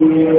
Yeah.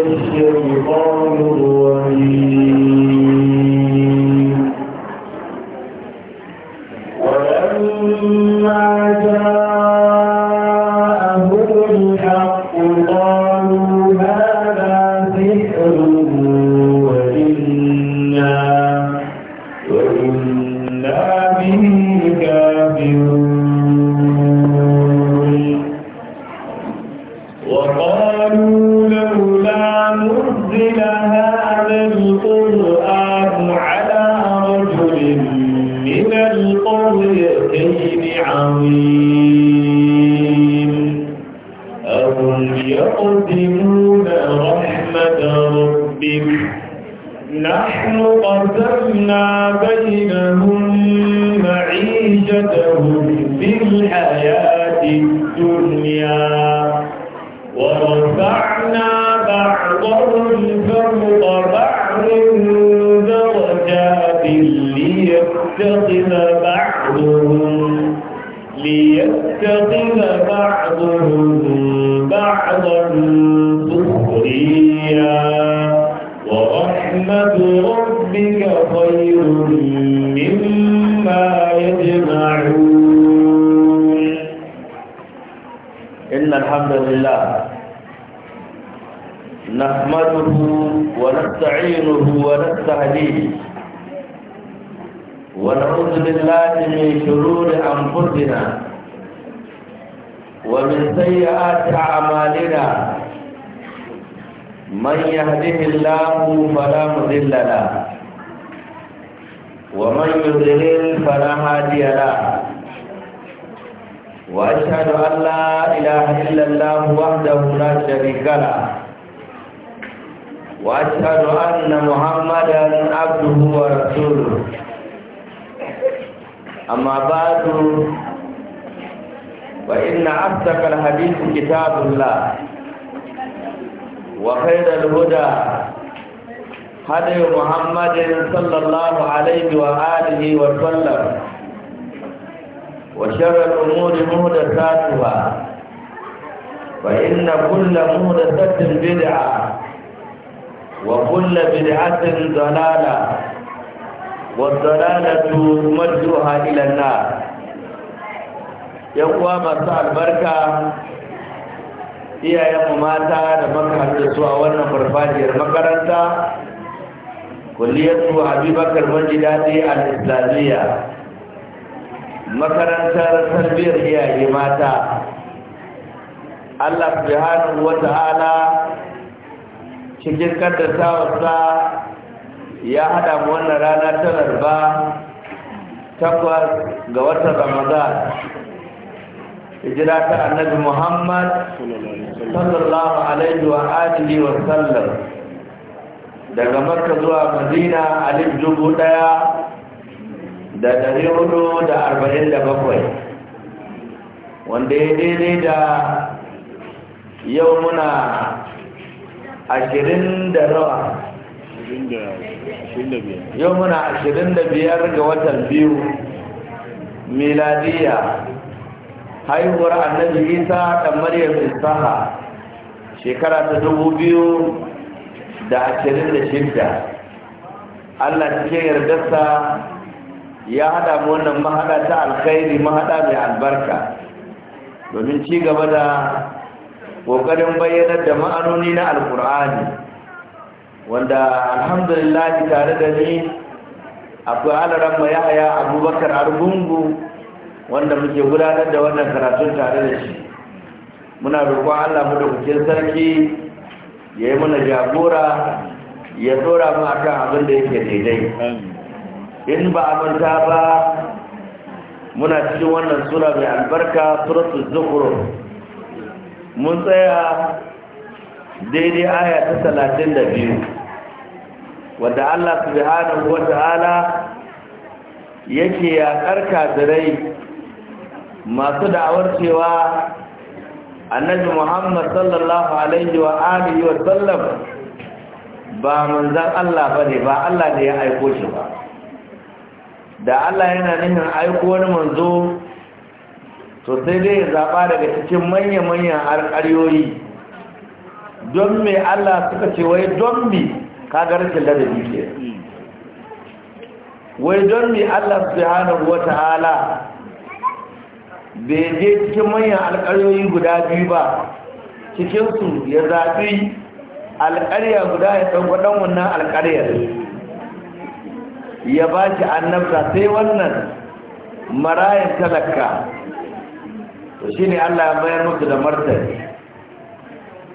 نحمده ونستعينه ونستهديه ونعوذ بالله من شرور أنفسنا ومن سيئات أعمالنا من يهده الله فلا مضل له ومن يضلل فلا هادي له واشهد ان لا اله الا الله وحده لا شريك له وأشهد أن محمدا عبده ورسوله أما بعد فإن أصدق الحديث كتاب الله وخير الهدى هدي محمد صلى الله عليه وآله وسلم وشر الأمور مهدساتها فإن كل مهدسة بدعة وكل بدعة ضلالة والضلالة مدها إلى النار يقوى مساء البركة iyayenmu mata da makarantar su a wannan farfajiyar makaranta kulliyarsu habibakar majidadi al-islamiyya makarantar tarbiyyar iyaye mata allah subhanahu wa ta'ala cikin kaddasawarsa ya hada mu wannan rana ta larba takwas ga watan ramadan hijira ta annabi muhammad sallallahu alaihi wa alihi wa sallam daga makka zuwa madina alif dubu daya da dari hudu da arba'in da bakwai wanda ya daidai da yau muna ashirin da nawa yau muna ashirin da biyar ga watan biyu miladiya haihuwar annabi isa da maryam isaha shekara ta dubu biyu da ashirin da shidda allah cikin yardarsa ya haɗa mu wannan mahaɗa ta alkhairi mahaɗa mai albarka domin ci gaba da ƙoƙarin bayyanar da ma'anoni na alkur'ani wanda alhamdulillah tare da ni akwai alaran yahaya abubakar argungu wanda muke gudanar da wannan karatun tare da shi muna roƙon allah mu da kukin sarki ya yi mana jagora ya tsora mu akan abin da yake daidai in ba a manta ba muna cikin wannan sura mai albarka suratul zukhruf mun tsaya daidai aya ta talatin da biyu wadda Allah subhanahu wa ta'ala yake da rai masu da'awar cewa annabi Muhammad sallallahu alaihi wa alihi wa sallam ba manzan Allah ba ne, ba Allah ne ya aiko shi ba da Allah yana nihin aiko wani manzo to sai dai ya zaɓa daga cikin manya-manyan alƙaryoyi don me Allah suka ce wai don mi kagarancin ladabi ke wai don mi Allah subhanahu Ta'ala. bai je cikin manyan alƙaryoyi guda biyu ba cikinsu ya zaɓi alƙarya guda ya ɗan ɗan wannan alƙaryar ya ba shi annabta sai wannan marayin talaka to shi ne Allah ya mayar musu da martani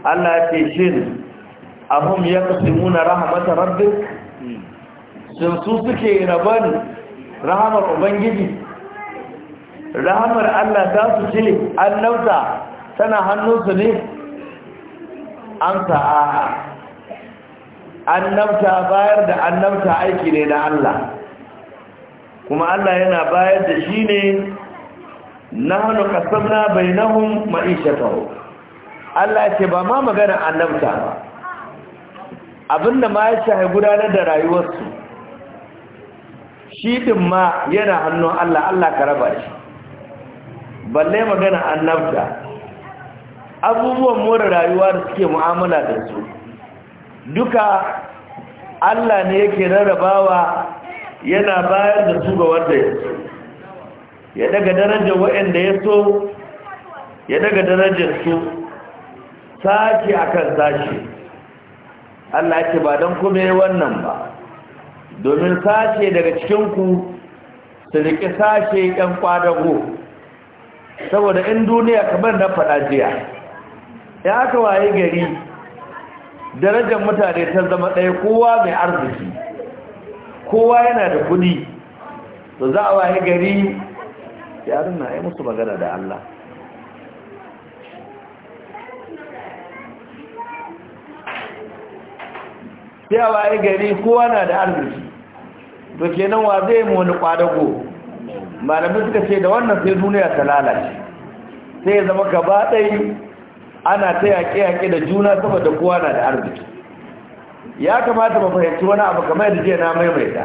Allah ce shin ahum ya kusimuna rahamata rabbik sun su suke rabon rahamar ubangiji rahmar Allah ta su ce annauta tana hannunsu ne an sa'a annauta bayar da annauta aiki ne na Allah kuma Allah yana bayar da shi ne Na na bai na hun bainahum taho. Allah ce ba ma magana annabta ba abinda ma ya shahi gudanar da rayuwarsu shi din ma yana hannun Allah Allah ka raba shi balle magana annabta abubuwan more rayuwa da suke mu'amala da su duka Allah ne yake rarrabawa yana bayar da su ga wanda ya ya daga darajar waɗanda ya so ya daga darajar su sashi akan sashi Allah ce ba don kuma yi wannan ba domin sashi daga cikinku su riƙe sashi ‘yan ƙwadago saboda in duniya kamar na faɗa jiya ya aka waye gari darajar mutane ta zama ɗaya kowa mai arziki kowa yana da kuɗi to za a waye gari yarin na ya musu magana da Allah sai waye gari kowa na da arziki to kenan wa zai mu wani kwadago malamai suka ce da wannan sai duniya ta lalace sai zama gaba ɗai ana ta yaƙe-yaƙe da juna saboda kowa na da arziki ya kamata ba fahimci wani abu kamar yadda jiya na maimaita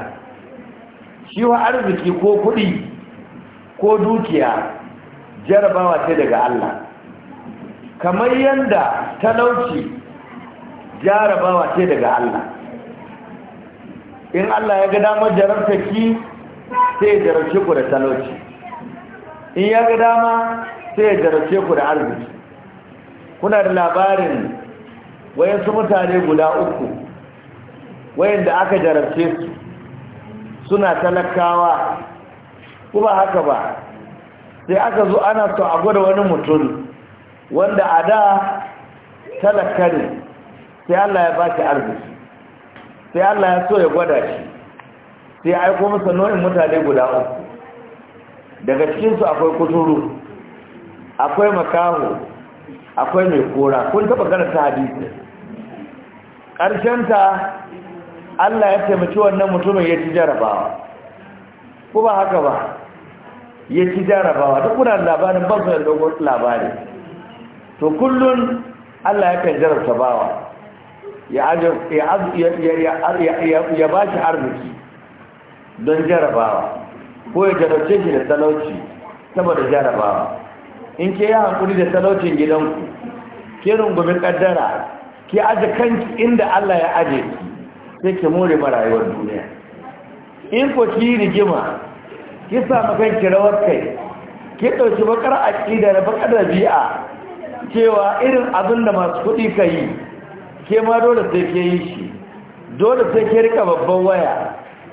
shi wa arziki ko kuɗi ko dukiya jarabawa ce daga Allah kamar yadda talauci jarabawa ce daga Allah in Allah ya ga damar jarabta ki sai ya jarabce ku da talauci in ya ga dama sai ya jarabce ku da arziki kuna da labarin wayansu mutane guda uku wayanda aka jarabce su suna talakawa kuma ba haka ba sai aka zo ana so a gwada wani mutum wanda a da talaka ne sai Allah ya baki arziki sai Allah ya so ya gwada shi sai aiko masa nau'in mutane guda uku daga cikinsu akwai kuturu akwai makaho akwai mai kora kun taba karanta hadisi ƙarshenta Allah ya taimaki wannan mutumin ya ci jarabawa ko ba haka ba ya ci jarabawa duk kuna labarin ba su yadda wasu labari to kullum Allah ya kan jarabta bawa ya ba shi arziki don jarabawa ko ya jarabce shi da talauci saboda jarabawa in ke yi hankuli da talaucin gidanku ke rungumin kaddara ke aje kanki inda Allah ya aje sai ke more marayuwar duniya in ko ki rigima ki sa kanki rawar kai ki dauki bakar aqida da bakar dabi'a cewa irin abin da masu kuɗi ka yi ke ma dole sai ke yi shi dole sai ke rika babban waya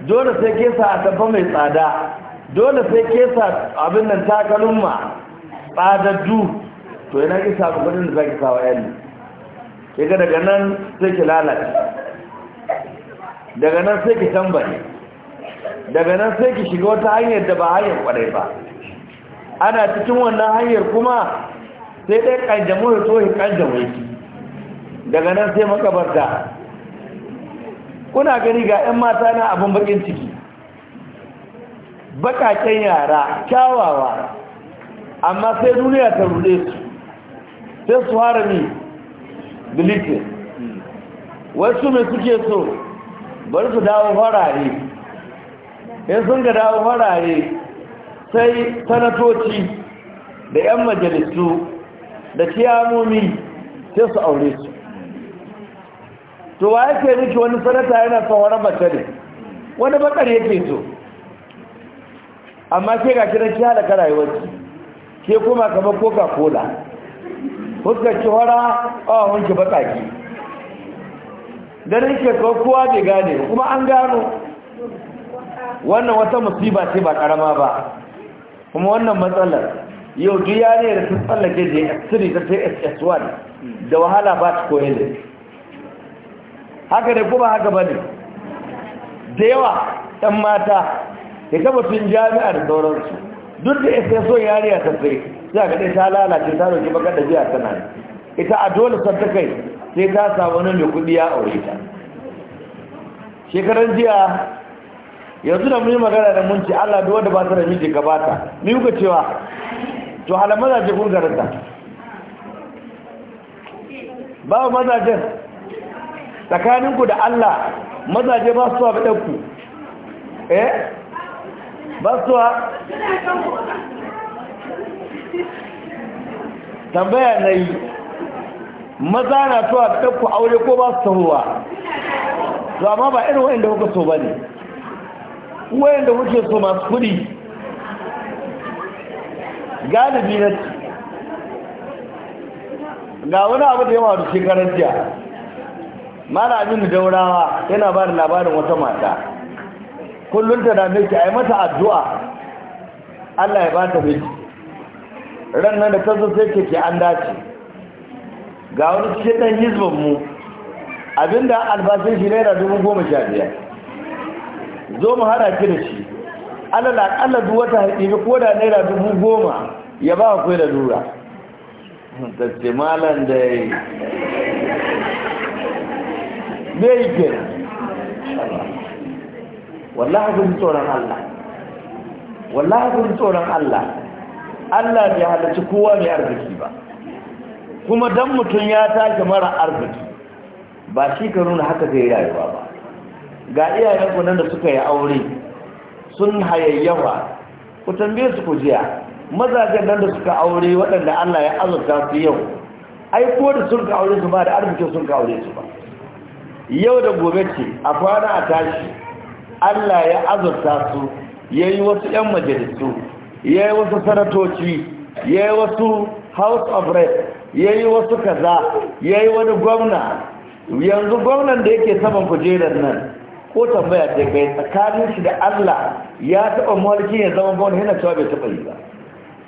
dole sai ke sa atamfa mai tsada dole sai ke sa abin nan takalumma tsadaddu to yana ki sa kudin da zaki sa sawa yanni ke ga daga nan sai ki lalace daga nan sai ki tambari daga nan sai ki shiga wata hanyar da ba hanyar kwarai ba ana cikin wannan hanyar kuma sai dai kanjamu da tsohi kanjamu yake daga nan sai makabarta kuna gani ga 'yan mata na abin bakin ciki bakaken yara kyawawa amma sai duniya ta rude su sai su harami bilitin wasu mai suke so bari su dawo farare in sun ga dawo marare sai sanatoci da 'yan majalisu da ciyamomi sai su aure su to wa yake miki wani sanata yana son wani mace ne wani bakar yake so amma ke ga kiran ki halaka rayuwarki ke kuma kamar coca cola fuskar ki hora ƙawon ki bakaki ganin ke kowa bai gane kuma an gano wannan wata musiba ce ba karama ba kuma wannan matsalar yau duk ne da sun tsallake js3 da js1 da wahala ba ta koyi ne haka da kuma haka ba ne da yawa ɗan mata ya tabbatin jami'a da sauransu duk da js1 yare a za ka ɗai ta lalace ta roƙi baka da biya tana ita a dole sun ta kai sai ta samu nan da kuɗi ya aure ta shekaran jiya yanzu da mun yi magana da mun ce Allah da wanda ba ta da miji gabata ni kuka cewa to halan mazaje kun garanta ba mazajen tsakaninku da Allah mazaje ba su haɓe ɗanku eh ba su ha tambaya na yi maza na tuwa ɗanku aure ko ba su tahowa to amma ba irin wa'inda kuka so ba ne da muke so masu kudi galibi na ga wani abu da yawa da shekarar jiya mara abin da daurawa yana ba da labarin wata mata kullum ta dame ki a yi mata addu'a allah ya ba ta miji ranar da ta zo sai ke ke an dace ga wani cikin ɗan hizbanmu abinda albashin shi naira dubu goma sha biyar zo mu hada ki da shi alal akalla duk wata haƙiƙi ko da naira dubu goma ya ba ku da dura. ta ce malam da yi bai yi ke wallahi kun tsoron Allah wallahi kun tsoron Allah Allah bai halarci kowa mai arziki ba kuma dan mutum ya tashi mara arziki ba shi ka nuna haka zai rayuwa ba ga iyayenku nan da suka yi aure sun hayayyawa ku tambaye su ku jiya mazajen nan da suka aure waɗanda Allah ya azurta su yau ai ko da sun ka aure su ba da arziki sun ka aure su ba yau da gobe ce a kwana a tashi Allah ya azurta su ya yi wasu 'yan majalisu ya yi wasu sanatoci ya yi wasu house of rep ya yi wasu kaza ya yi wani gwamna yanzu gwamnan da yake saman kujerar nan ko tambaya ta kai tsakanin shi da Allah ya taba mulki ya zama gwamnati yana cewa bai taba yi ba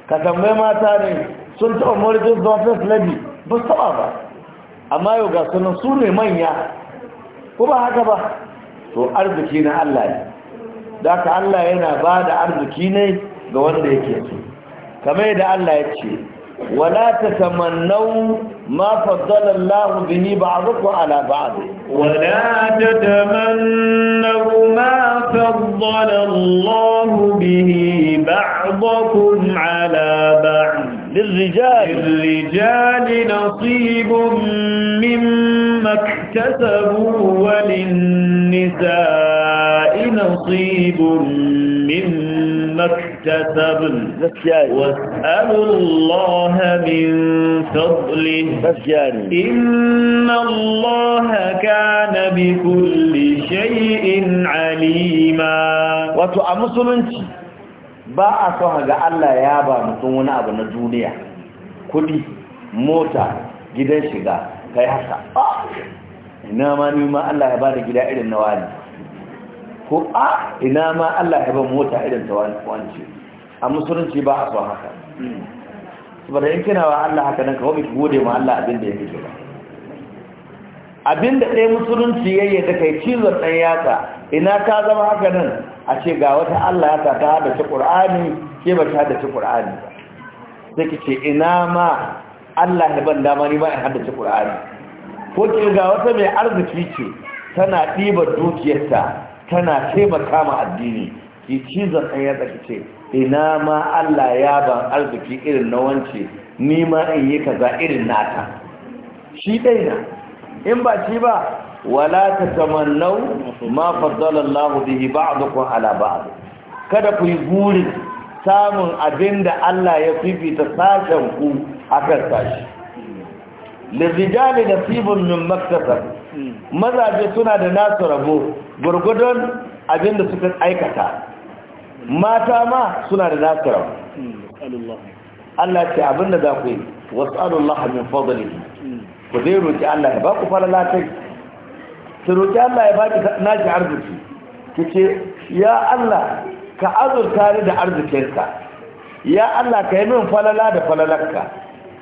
ka tambaye mata ne sun taba mulki zama first lady ba su taɓa ba amma yau ga sunan su ne manya ko ba haka ba to arziki na Allah ne da ka Allah yana ba da arziki ne ga wanda yake so kamar yadda Allah ya ce ولا تتمنوا ما فضل الله به بعضكم على بعض ولا تتمنوا ما فضل الله به بعضكم على بعض للرجال للرجال نصيب مما اكتسبوا وللنساء نصيب مما maktasabin wasu Allah min fadlin inna Allah kana bi kulli shay'in alima wato a musulunci ba a so ga Allah ya ba mutum wani abu na duniya Kuɗi, mota gidan shiga kai haka ina ma ni Allah ya ba da gida irin na wani ko a ina ma Allah ya ba mota irin ta wance a musulunci ba a so haka saboda in kina wa Allah haka nan kawai ki gode ma Allah abin da ya fito ba abin da ɗaya musulunci ya yi da kai cizon ɗan yatsa ina ka zama haka nan a ce ga wata Allah ya ta hada ci ƙur'ani ke ba ta hadace ƙur'ani ba sai ki ce ina ma Allah ya ban dama ni ba in ci ƙur'ani ko ke ga wata mai arziki ce tana ɗiba dukiyarta tana taimaka ma addini ki cizon ɗan ya tsaki ce ina ma Allah ya ban arziki irin na wance ni ma in yi kaza irin nata shi dai na in ba shi ba wala ta tamannau ma faddala Allah bihi ba'dukum ala ba'd kada ku yi burin samun abin da Allah ya fifita sashen ku akan sashi lirrijali nasibun min maktasab mazaje suna da nasu rabo gurgudun abinda suka aikata mata ma suna da nasu rabo Allah ce abinda za ku yi wasu Allah min fadali ku zai roƙi Allah ya ba ku latin ki roƙi Allah ya ba ki naji arziki ki ce ya Allah ka azurta ni da arzikinka ya Allah ka yi min falala da falalarka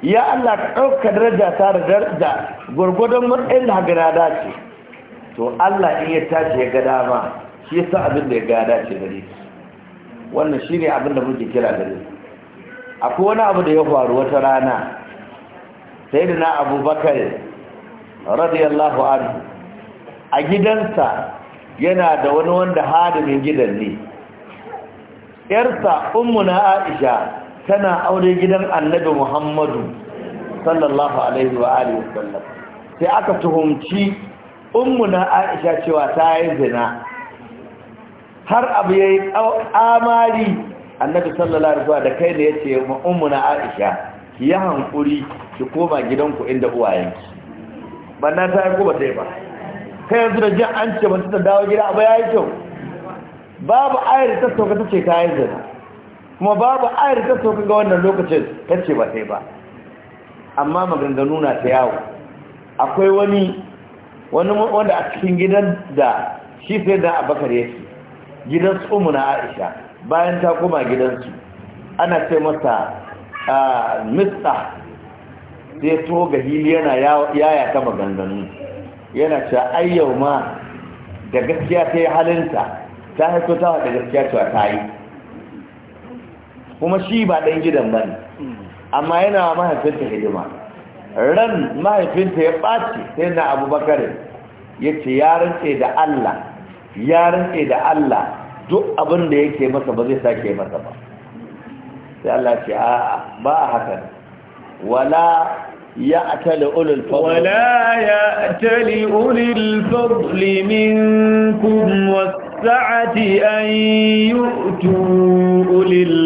ya Allah ka ɗauka daraja ta da daraja gwargwadon matsayin da haka na dace to Allah in ya tashi ya ga dama shi ya sa abin da ya ga dace gare shi wannan shi ne abin da muke kira gare shi akwai wani abu da ya faru wata rana sai da na abubakar radiyallahu anhu a gidansa yana da wani wanda hadimin gidan ne yarsa ummu na aisha tana aure gidan annabi muhammadu sallallahu alaihi wa alihi wasallam sai aka tuhumci ummuna aisha cewa ta yi zina har abu ya yi amari annabi sallallahu alaihi wa da kai ne ya ce ummuna aisha ki yi hankuri ki koma gidanku inda uwayenki banna ta yi ko ba ta yi ba kai yanzu da jin an ce ba ta dawo gida abu ya yi kyau babu ayar ta sauka ta ce ta yi zina kuma babu ayar ta so ga wannan lokacin tace ba sai ba amma maganganu na ta yawo akwai wani wanda a cikin gidan da shi sai da abakar yake gidan su na aisha bayan ta koma gidansu ana ce masa mista sai to ga hili yana yaya ta maganganu yana ce ayyau ma da gaskiya ta yi halinta ta haifo ta da gaskiya ta yi kuma shi ba ɗan gidan ba amma yana mahaifinta hidima ran mahaifinta ya ɓaci sai na abubakar ya ce ya ce da allah ya rantse da allah duk abin da yake masa ba zai sake masa ba sai allah ce a'a ba a hakan wala ya atali الفضل ولا يأتل أولي الفضل منكم والسعة أن يؤتوا أولي الفضل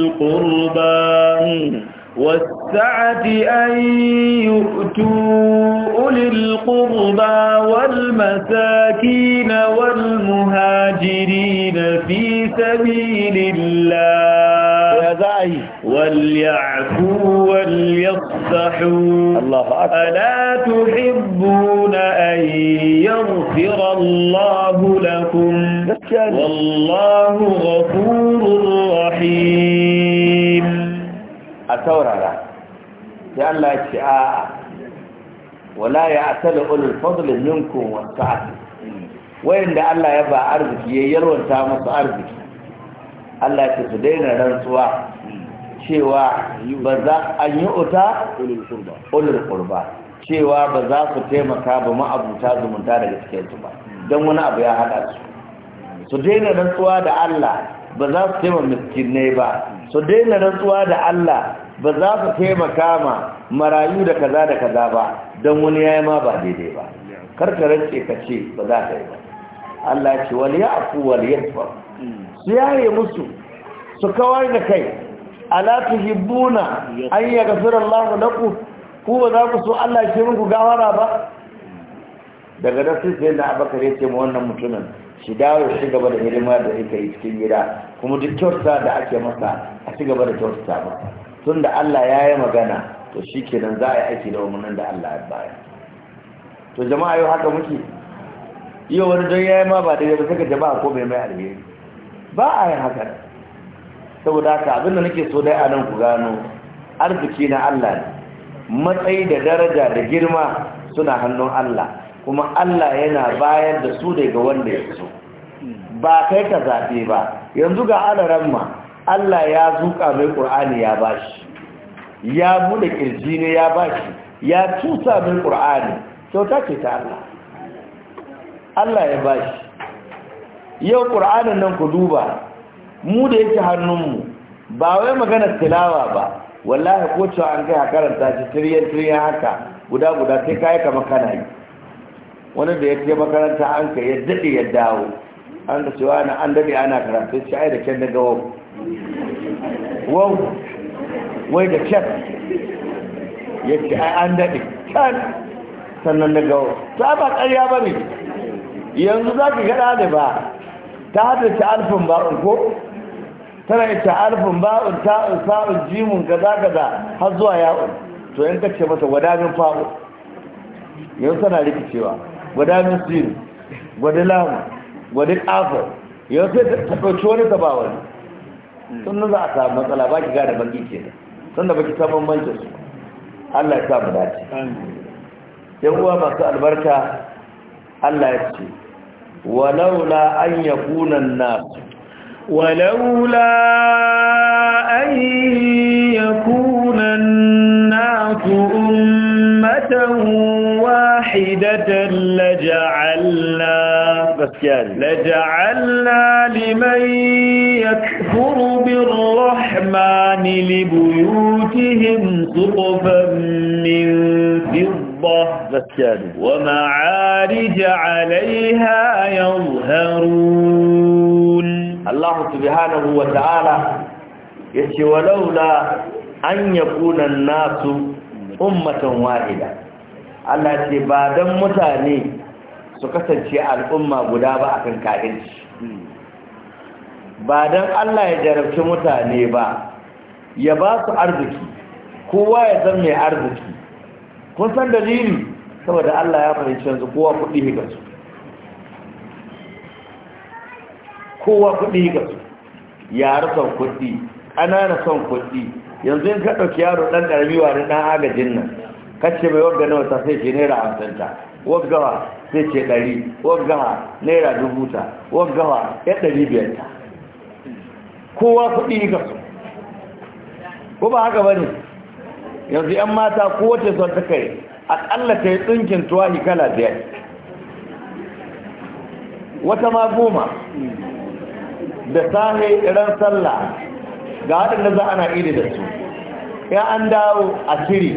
والسعة أن يؤتوا أولي القربى والمساكين والمهاجرين في سبيل الله وليعفوا وليصفحوا ألا تحبون أن يغفر الله لكم والله غفور Allah ya ce a wala ya asali ulul fadli minkum wa sa'ati wayanda Allah ya ba arziki ya yarwanta musu arziki Allah ya ce su daina rantsuwa cewa ba za an yi uta ulul qurba cewa ba za su taimaka ba ma'abuta zumunta daga cikin su ba don wani abu ya hada su su daina rantsuwa da Allah ba za su taimaka miskinai ba su daina rantsuwa da Allah ba za su taimaka ma marayu da kaza da kaza ba don wani ya ma ba daidai ba karkarar rance ka ce ba za ka yi ba Allah ce wal ya'fu wal yasfa su yaye musu su kawar da kai ala hibbuna, an yi yaghfira Allahu lakum ku ba za ku so Allah ya muku gawara ba daga da sun sai da Abakar ce ma wannan mutumin shi dawo shi gaba da hirima da ita, yi cikin gida kuma duk kyauta da ake masa a ci gaba da kyautata masa tun da Allah ya yi magana to shi kenan za a yi aiki da umarnin da Allah ya bayar to jama'a yau haka muke iya wani don ya yi ma ba daidai ba saka jama'a ko bai mai alheri ba a yi haka saboda haka abin da nake so dai a nan ku gano arziki na Allah ne matsayi da daraja da girma suna hannun Allah kuma Allah yana bayar da su daga wanda ya so ba kai ka zaɓe ba yanzu ga alaran ma Allah ya zuƙa mai Qur'ani ya bashi ya bude ƙirji ne ya bashi ya tusa mai Qur'ani kyauta ce ta Allah Allah ya shi yau ƙur'anin nan ku duba mu da yake hannunmu ba wai magana tilawa ba wallahi ko cewa an kai karanta shi tiryan tiryan haka guda guda sai kayi kamar kana yi wani da ya ce makaranta an kai ya daɗe ya dawo an da cewa an ana karanta shi ai da kyan daga wau wau wai da can ya ce an daɗe can sannan daga wau ta ba ƙarya ba ne yanzu za ka gaɗa da ba ta hada ta alfin ba'un ko tana ita alfin ba'un ta'un sa'un jimun gaza gaza har zuwa ya'un to yan ce mata gwadamin fa'u yanzu tana rikicewa gwadamin sin gwadilamu gwadil gwada ƙafar yanzu sai ta ɗauki wani ta ba wani sun za a samu matsala ba ki gada baki ke da sun da baki samun mancin su Allah ya samu dace yan uwa masu albarka Allah ya ce walaula an yakuna an-nas walaula an yakuna an-nas ummatan wahidatan laja'alna فسياني لجعلنا لمن يكفر بالرحمن لبيوتهم سقفا من فضة فسياني ومعارج عليها يظهرون الله سبحانه وتعالى يشي ولولا أن يكون الناس أمة واحدة Allah ce ba don mutane su kasance al'umma guda ba akan kahinci ba don Allah ya jarabci mutane ba ya ba su arziki kowa ya zan mai arziki kun san dalili saboda Allah ya fahimci yanzu kowa kuɗi ga su kowa kudi ga su yara son kudi. ƙanana son kudi yanzu in ka ɗauki yaro ɗan ƙarami wa ɗan agajin nan kace mai wagga nawa ta sai ce naira hamsin ta waggawa sai ce ɗari waggawa naira dubu ta waggawa ya ɗari biyar ta kowa kuɗi ka so ko ba haka ba ne yanzu yan mata kowace son ta kai aƙalla ta yi tsinkin tuwahi kala biyar wata ma goma da sahe ran sallah ga waɗanda za ana iri da su ya an dawo a shiri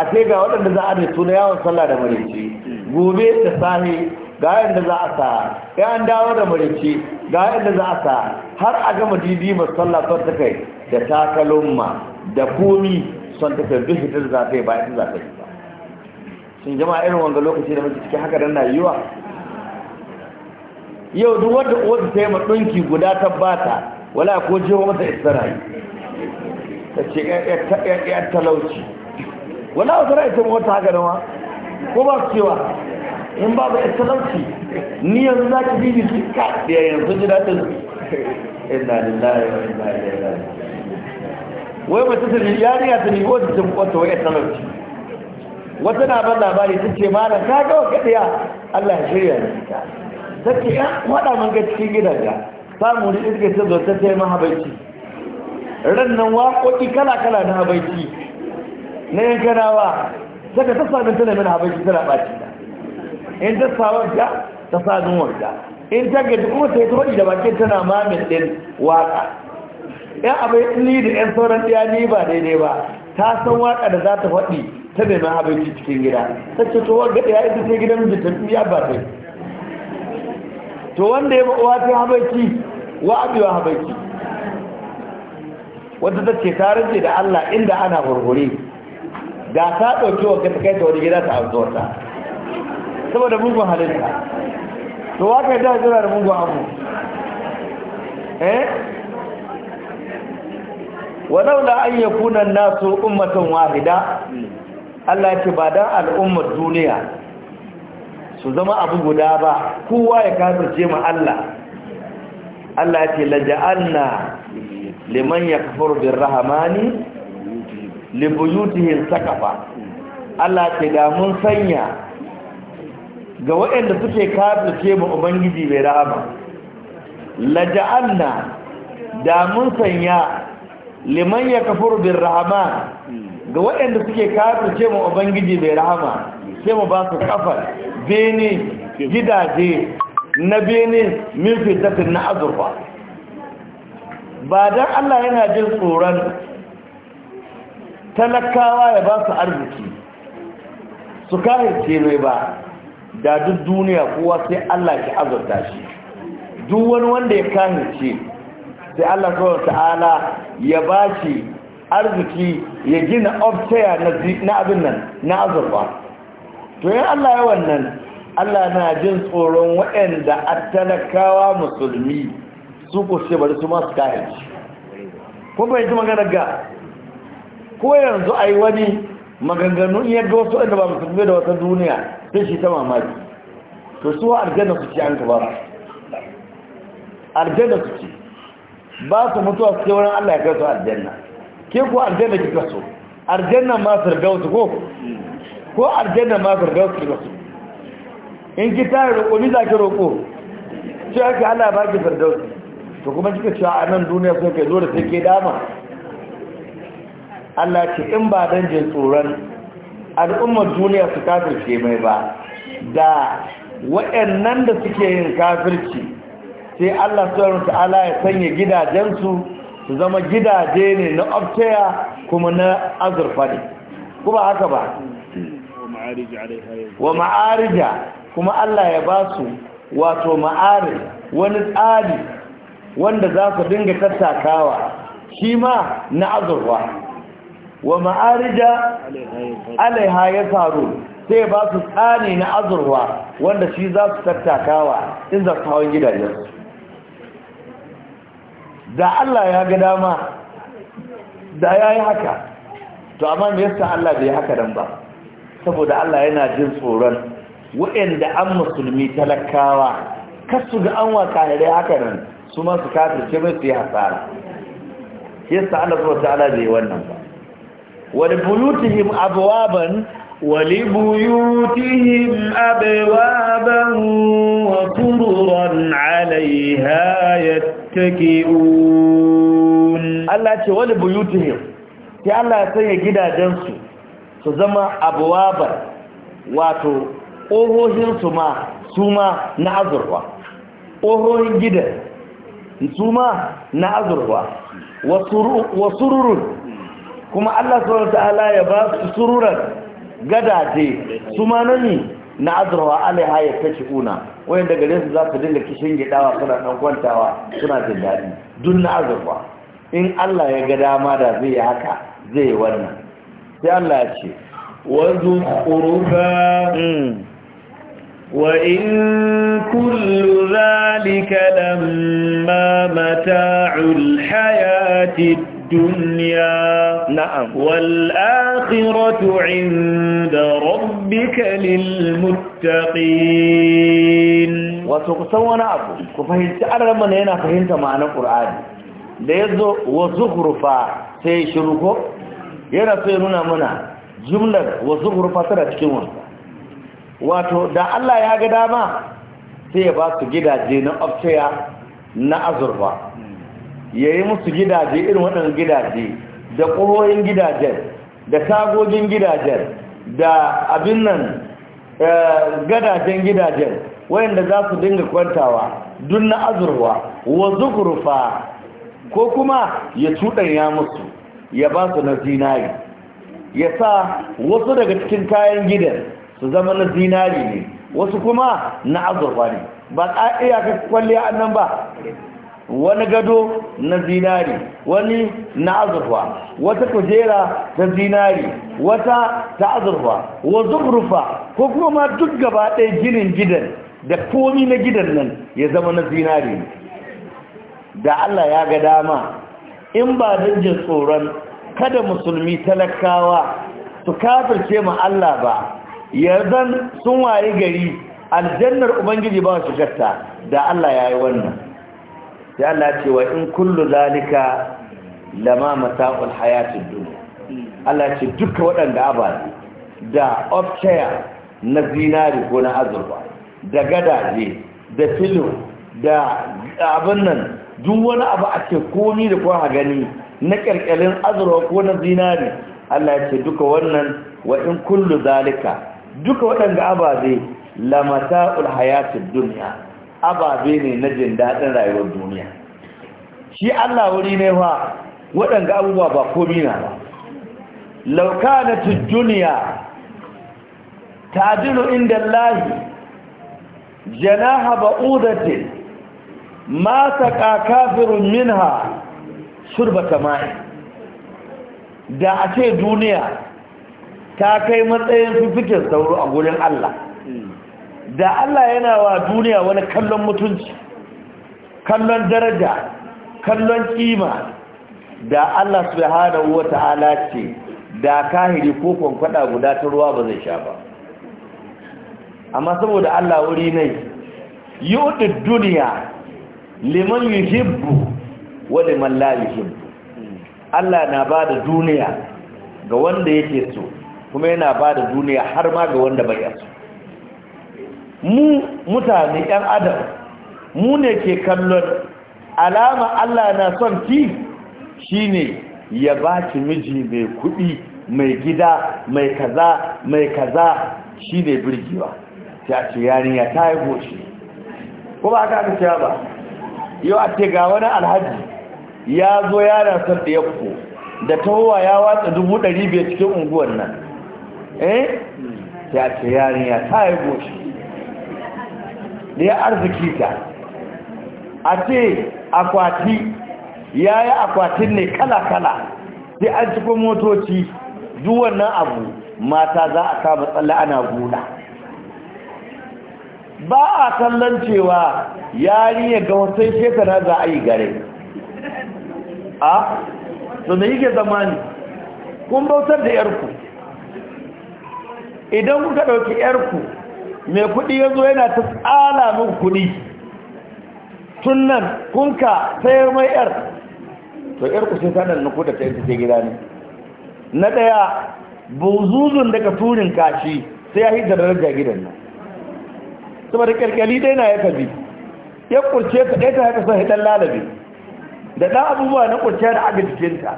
a ce ga waɗanda za a da tuna yawon sallah da marici gobe da sahi ga yadda za a sa ya da marici ga yadda za a sa har a gama didi masu sallah son ta kai da takalumma da komi son ta kai duk hitar za ta yi ba za ta yi ba sun jama'a irin wanga lokaci da muke ciki haka dan na yiwa yau duk wanda wata ta yi maɗunki guda tabbata wala ko jiwa mata isra ta ce ya talauci wani abu zara ita wata haka nawa ko ba su cewa in ba ba excellency ni yanzu za ki bibi su ka da yanzu ji daɗin inna lillahi wa inna ilaihi wai mace ta ne yariya ta ne wata ta wata wai talauci? wata na ban labari ta ce ma na ka ga wa kaɗiya Allah ya shirya ne ta ce ya waɗa man ga cikin gidanka samu ne iska ta zo ta taimaka ci ran nan waƙoƙi kala-kala na habaici na yankanawa saka ta sanin tana mana shi tana ɓaci in ta sawarta ta sami wanda in ta gaji kuma sai ta faɗi da bakin tana mamin ɗin waƙa ya abai ni da yan sauran ɗaya ni ba daidai ba ta san waƙa da za ta faɗi ta neman shi cikin gida ta ce to wanda ɗaya ita sai gidan ta ya ba ta to wanda ya ba'uwa ta shi wa haɓar shi wata ta ce ta rage da allah inda ana hurhure da ta ɗauki wa ta kai ta wani gida ta abu ta saboda mugun halitta to wa kai da zira da mugun abu eh walau da an yakuna nasu ummatan wahida Allah ce ba dan al'ummar duniya su zama abu guda ba kowa ya kasance ma Allah Allah ce laja'alna liman yakfur bir rahmani libuyutihin sakafa Allah ce da mun sanya ga waɗanda suke kafirce mu ubangiji bai rahama laja'anna da mun sanya liman ya kafur bin rahama ga waɗanda suke kafirce mu ubangiji bai rahama sai mu ba su kafar bene gidaje na bene min fitatin na azurfa ba don Allah yana jin tsoron talakawa ya ba su arziki su kahirce mai ba da duk duniya kowa sai Allah ki azurta shi duk wani wanda ya kahirce sai Allah kawai ta'ala ya ba shi arziki ya gina oftaya na abin nan na azurba to yin Allah yawan nan, Allah na jin tsoron waɗanda a talakawa musulmi su ko bari su masu kahirci Kuma bai ji magana ga ko yanzu ai wani maganganun ya ga wasu inda ba musulmi da wata duniya sai shi ta mamaki to su aljanna su ce an ba aljanna su ce ba su mutuwa su ce wurin Allah ya kai su aljanna ke ko aljanna kika so aljanna ma wasu ko ko aljanna ma firdausu kika so in ki ta roƙo ni za ki roƙo ce ake Allah ba ki firdausu to kuma kika cewa a nan duniya sun kai zo da sai ke dama Allah ce in ba dan jin tsoron al'ummar duniya su kafirce mai ba da waɗannan da suke yin kafirci sai Allah sauran ta'ala ya sanya gidajensu su zama gidaje ne na obtaya kuma na azurfa ne kuma haka ba wa ma'arija kuma Allah ya ba su wato ma'ari wani tsari wanda za su dinga tattakawa shi ma na azurfa wa ma'arija alaiha ya faru sai ba su tsani na azurwa wanda shi za su tattakawa in za su hawan gidajen da Allah ya ga dama da ya yi haka to amma me yasa Allah bai haka dan ba saboda Allah yana jin tsoron waɗanda an musulmi talakawa kasu ga an waka hare haka nan su ma su kafirce mai su yi hasara yasa Allah subhanahu wa ta'ala bai wannan ba wani bulutihim abuwaban wani buyutihim abuwaban wa tururan alai ha ya take un Allah ce wani bulutihim ki Allah sai gidajensu su zama abuwaban wato ohohin su ma su ma na azurwa ohohin kuma Allah subhanahu ta'ala ya ba su sururan gadaje su na azurfa alaiha ya tashi una wayan da gare su za su dinga kishin gidawa suna ɗan kwantawa suna jin daɗi dun na azurfa in Allah ya ga dama da zai yi haka zai yi wannan sai Allah ya ce wanzu zuquruba wa in kullu zalika lamma mata'ul hayati. الدُّنْيَا نَعَمْ وَالْآخِرَةُ عِنْدَ رَبِّكَ لِلْمُتَّقِينَ wato ku san wani abu ku fahimci arraman yana fahimta ma'anar ƙur'ani da ya zo wasu hurufa sai ya shiru ko yana sai nuna mana jimlar wasu hurufa tara cikin wasu wato da allah ya ga dama sai ya basu gidaje na ofciya na azurfa ya yi musu gidaje irin waɗannan gidaje da ƙohoyin gidajen da tagogin gidajen da abin nan eh, gadajen gidajen wayanda za su dinga kwantawa dun na azurwa wa zukurfa ko kuma ya cuɗanya musu ya ba su na zinari ya sa wasu daga cikin kayan gidan su zama na zinari ne wasu kuma na azurfa ne ba ƙa'iya ka kwalliya annan ba wani gado na zinari wani na azurfa wata kujera ta zinari wata ta azurfa wa zurfa ko kuma ma duk gaba ɗaya ginin gidan da komi na gidan nan ya zama na zinari da Allah ya ga dama in ba don jin tsoron kada musulmi talakawa su kafirce ma Allah ba yanzan sun wayi gari aljannar ubangiji ba su gasta da Allah ya yi wannan sai Allah ce wa in kullu zalika lama mata'ul hayatid dunya Allah ce duka waɗanda ababe da ofcaya na zinari ko na azurfa da gadaje da filo da abin nan duk wani abu a ce komi da kuma gani na ƙyalƙyalin azurwa ko na zinari Allah ya ce duka wannan wa in kullu zalika duka waɗanda ababe lamata'ul hayatid dunya ababe ne na jin daɗin rayuwar duniya shi Allah wuri ne fa waɗanga abubuwa ba komi na ba laukanatu ta ta'dilu inda lahi janaha ba'udati ma saqa kafirun minha shurbata ma'i da a ce duniya ta kai matsayin fifikin sauro a gurin Allah da Allah yana wa duniya wani kallon mutunci kallon daraja kallon kima da Allah subhanahu wata'ala ce da kahiri ko kwankwada guda ta ruwa ba zai sha ba amma saboda Allah wuri ne yudu duniya liman yuhibbu wa liman la yuhibbu Allah na bada duniya ga wanda yake so kuma yana bada duniya har ma ga wanda bai so mu mutane ɗan adam mu ne ke kallon alama Allah na son ki shine ya ki miji mai kuɗi mai gida mai kaza mai kaza shine birgewa ta ce yarinya ta yi goshi ko ba ka cewa ba yau a ce ga wani alhaji ya zo yana son da ya ku da tahowa ya watsa dubu ɗari biyar cikin unguwan nan eh ya ce yarinya ta yi goshi da ya arziki ta a ce akwati ya yi akwatin ne kala-kala sai an cikin motoci duwannan abu mata za a kama tsalle ana gula ba a kallon cewa yari ga wasan shekara za a yi gare a suna yake zamani kun bautar da yarku idan kuka ɗauki yarku mai kuɗi ya zo yana ta tsala min kuɗi tun nan kunka sayar mai yar to yar ku sai sanar na da ta yi ta gida ne na ɗaya buzuzun daga turin kashi sai ya hidda daraja gidan nan saboda kyalkyali dai na ya kabi ya kurce ta ɗaya ta haka sai ɗan lalabe da ɗan abubuwa na kurce da aga jikinta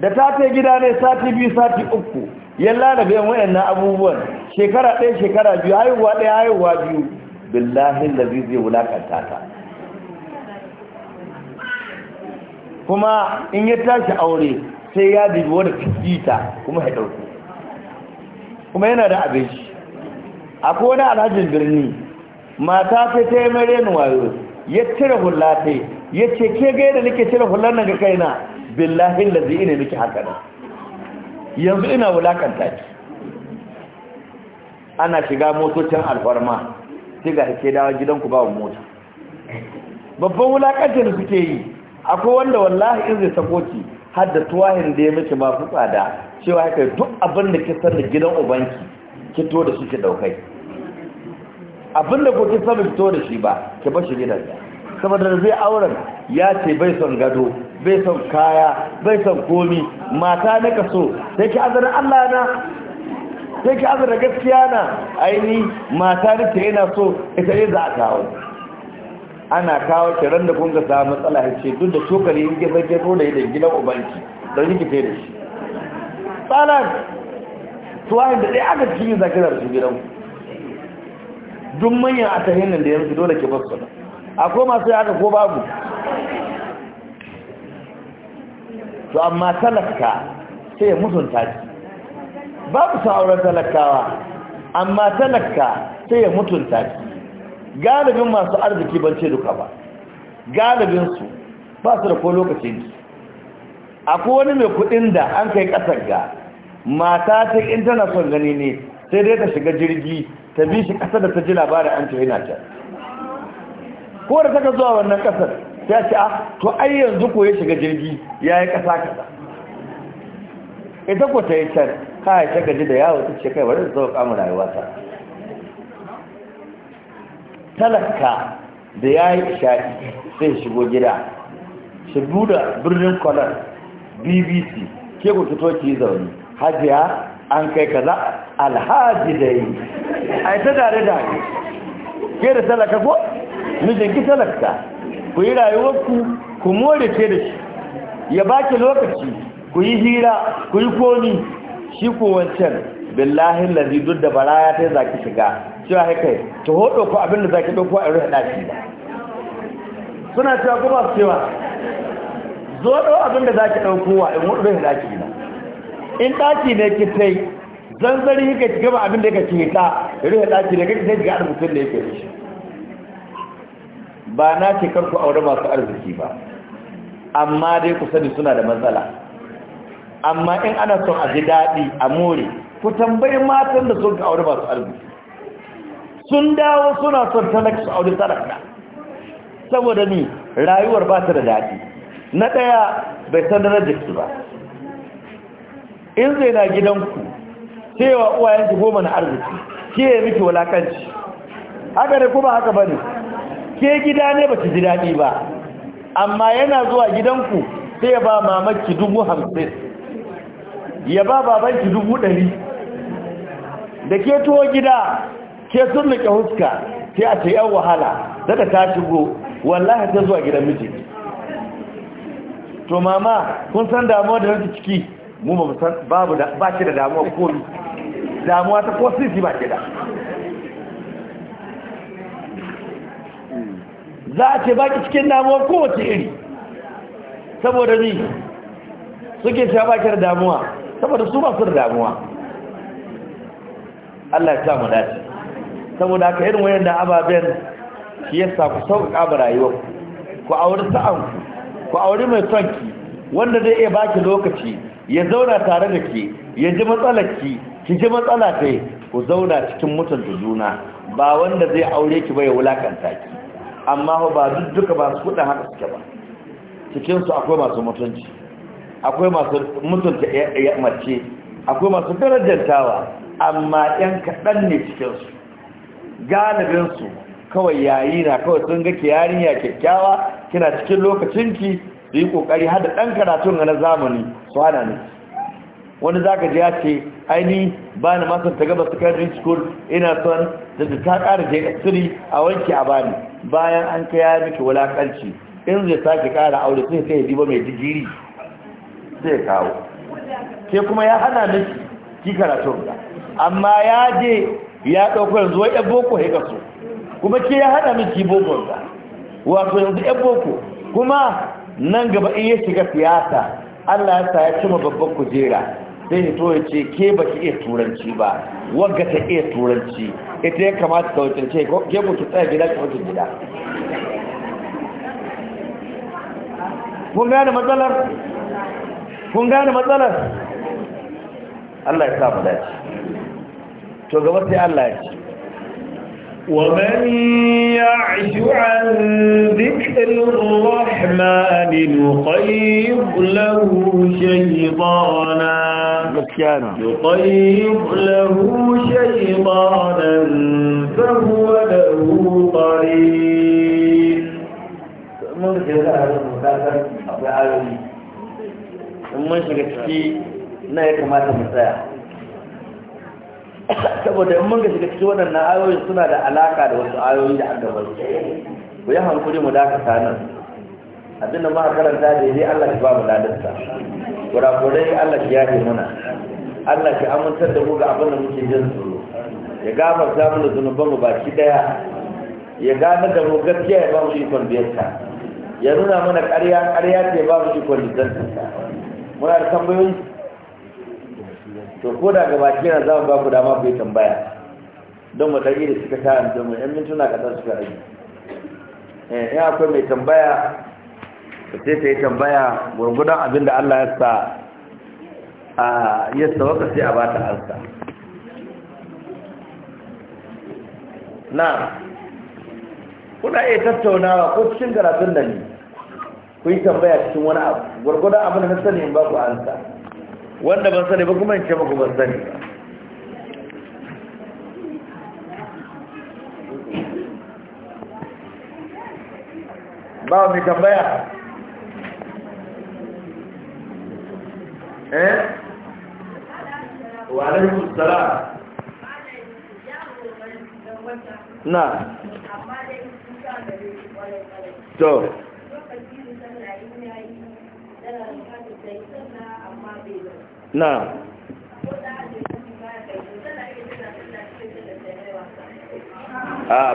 da ta ta gida ne sati biyu sati uku ya wayan na abubuwan shekara ɗaya shekara biyu haihuwa ɗaya haihuwa biyu billahin da zai wulakanta ta kuma in ya tashi aure sai ya dubi wadda fita kuma ya ɗauki kuma yana da abin shi akwai wani alhajin birni mata sai ta yi mare wayo ya cire hula ta ya ce ke gaya da nake cire hular na ga kaina da zai ina nake haka na. yanzu ina wulakanta ki ana shiga motocin alfarma sai ga ke dawo gidanku ba mota babban wulakanta da suke yi akwai wanda wallahi in zai sako ki har da tuwahin da ya miki ba ku tsada cewa haka duk abin da ki san da gidan ubanki ki to da shi ki daukai abin da ki san ki to da shi ba ki bar shi gidan saboda zai auren ya ce bai son gado bai son kaya bai son komi mata na kaso sai ki azara Allah na sai ki azara gaskiya na aini mata na ta yana so ita ne za a kawo ana kawo kiran da kun ga samu matsala ya ce duk da cokali in gisa gero da yadda gidan ubanki don yi kife da shi Tsalan tuwahin da ɗaya aka cikin zakirar su gidan duk manyan a tahinan da yanzu dole ke basu da. akwai masu yaka ko babu to amma talaka sai mutunta shi babu sauran talakawa amma talaka sai ya mutunta shi galibin masu arziki ban ce duka ba galibinsu ba su da ko lokacin ki akwai wani mai kudin da an kai kasar ga mata ta in tana son gani ne sai dai ta shiga jirgi ta bi shi kasar da ta ji labarin an ce yana can ko da taka zuwa wannan kasar ya ce ah to ai yanzu ko ya shiga jirgi ya yi kasa kasa ita ko ta yi can ka ya ta gaji da yawo ta ce kai bari da zauka mu rayuwa ta talaka da ya yi shaɗi sai shigo gida shi buɗe birnin kwanar bbc ke ku fito ki zaune hajiya an kai kaza alhaji da yi a ita tare da ke da talaka ko mijin ki talaka ku yi rayuwarku ku more ke da shi ya baki lokaci ku yi hira ku yi komi shi ko wancan billahi lazi duk da baraya ta zaki shiga cewa haikai ta hodo ku abin da zaki dauko a rufe daki ba suna cewa ku ba su cewa zo ɗau abin da zaki dauko wa, in rufe daki ba in daki ne ki tai zanzari kika gaba abin da kake ta rufe daki ne kake sai ga arbutun da yake da shi ba na ce karku aure masu arziki ba amma dai ku sani suna da matsala amma in ana son a ji daɗi a more ku tambayi matan da sun aure masu arziki sun dawo suna son talaka su aure talaka saboda ni rayuwar ba ta da daɗi na ɗaya bai san da jiki ba in zai na gidanku cewa uwayenki goma na arziki ke miki wulakanci haka ne kuma haka bane ke gida ne ba ki ji daɗi ba amma yana zuwa gidanku sai ya ba mamaki dubu hamsin ya ba babanki dubu ɗari da ke tuwo gida ke sun nake huska sai a ce yan wahala daga ta shigo wallahi ta zuwa gidan miji to mama kun san damuwa da rantsi ciki mu ba ki da damuwa komi damuwa ta ko sisi ba ki da za a ce baki cikin damuwa kowace iri saboda ni suke sha bakar damuwa saboda su masu da damuwa Allah ya samu dace saboda haka irin wayan da ababen shi ya sa ku sauƙa ba rayuwar ku auri sa'anku ku auri mai sonki wanda zai iya baki lokaci ya zauna tare da ke ya ji matsalarki ki ji matsala ta ku zauna cikin mutunta juna ba wanda zai aure ki ba wulakanta ki amma ba duk duka ba su kudin haka suke ba cikinsu akwai masu mutunci akwai masu mutunta ya mace akwai masu darajantawa amma yan kaɗan ne cikinsu galibinsu kawai yayi na kawai sun ga yarinya kyakkyawa kina cikin lokacinki su yi ƙoƙari da ɗan karatun na zamani su hana ne wani za ka ji ya ce aini ba ni masu ta gaba secondary school ina son da ta ƙara je siri a wanke a bani bayan an kai ya miki wulakanci in zai sake ƙara aure sai sai ya diba mai digiri zai kawo ke kuma ya hana miki ki karatu ga amma ya je ya ɗauko yanzu wai boko ya kaso kuma ke ya hana miki boko ga wato yanzu ɗan boko kuma nan gaba in ya shiga siyasa Allah ya sa ya cima babban kujera sai hito ya ce ke ba ki iya turanci ba wagga ta iya turanci ita ya kamata ka wajen ce ke mutu tsaye tsaya gida ki wajen gida kun gane matsalar kun gane matsalar Allah ya sa mu dace to gaba sai Allah ya ce ومن يعش عن ذكر الرحمن نقيض له شيطانا نقيض له شيطانا فهو له قريب mun shiga ciki na ya kamata saboda in mun ga shiga cikin waɗannan ayoyin suna da alaka da wasu ayoyi da aka bari ku yi hankuri mu dakata nan abin da muka karanta da dai Allah ki ba mu ladarsa kurakurai Allah ki yafe muna Allah ki amintar da mu ga abin da muke jin tsoro ya gafarta mana zunubanmu baki daya ya gane da mu gaskiya ya ba mu ikon biyarsa ya nuna mana ƙarya ƙarya ce ba mu ikon lisantarsa muna da tambayoyi to ko da gabaki na za mu ba ku dama ku yi tambaya don mu tarihi da suka tara da mu yan mintuna kadan suka rage eh in akwai mai tambaya ta sai ta yi tambaya gurgudan abin da Allah ya sa a ya sawaka sai a bata ansa na kuna iya tattaunawa ko cikin karatun da ne ku yi tambaya cikin wani abu gurgudan abin da na sani ba ku ansa wanda ban sani ba kuma in ce muku ban sani ba ba mai tambaya eh wa alaikum salam na to Thank you. na a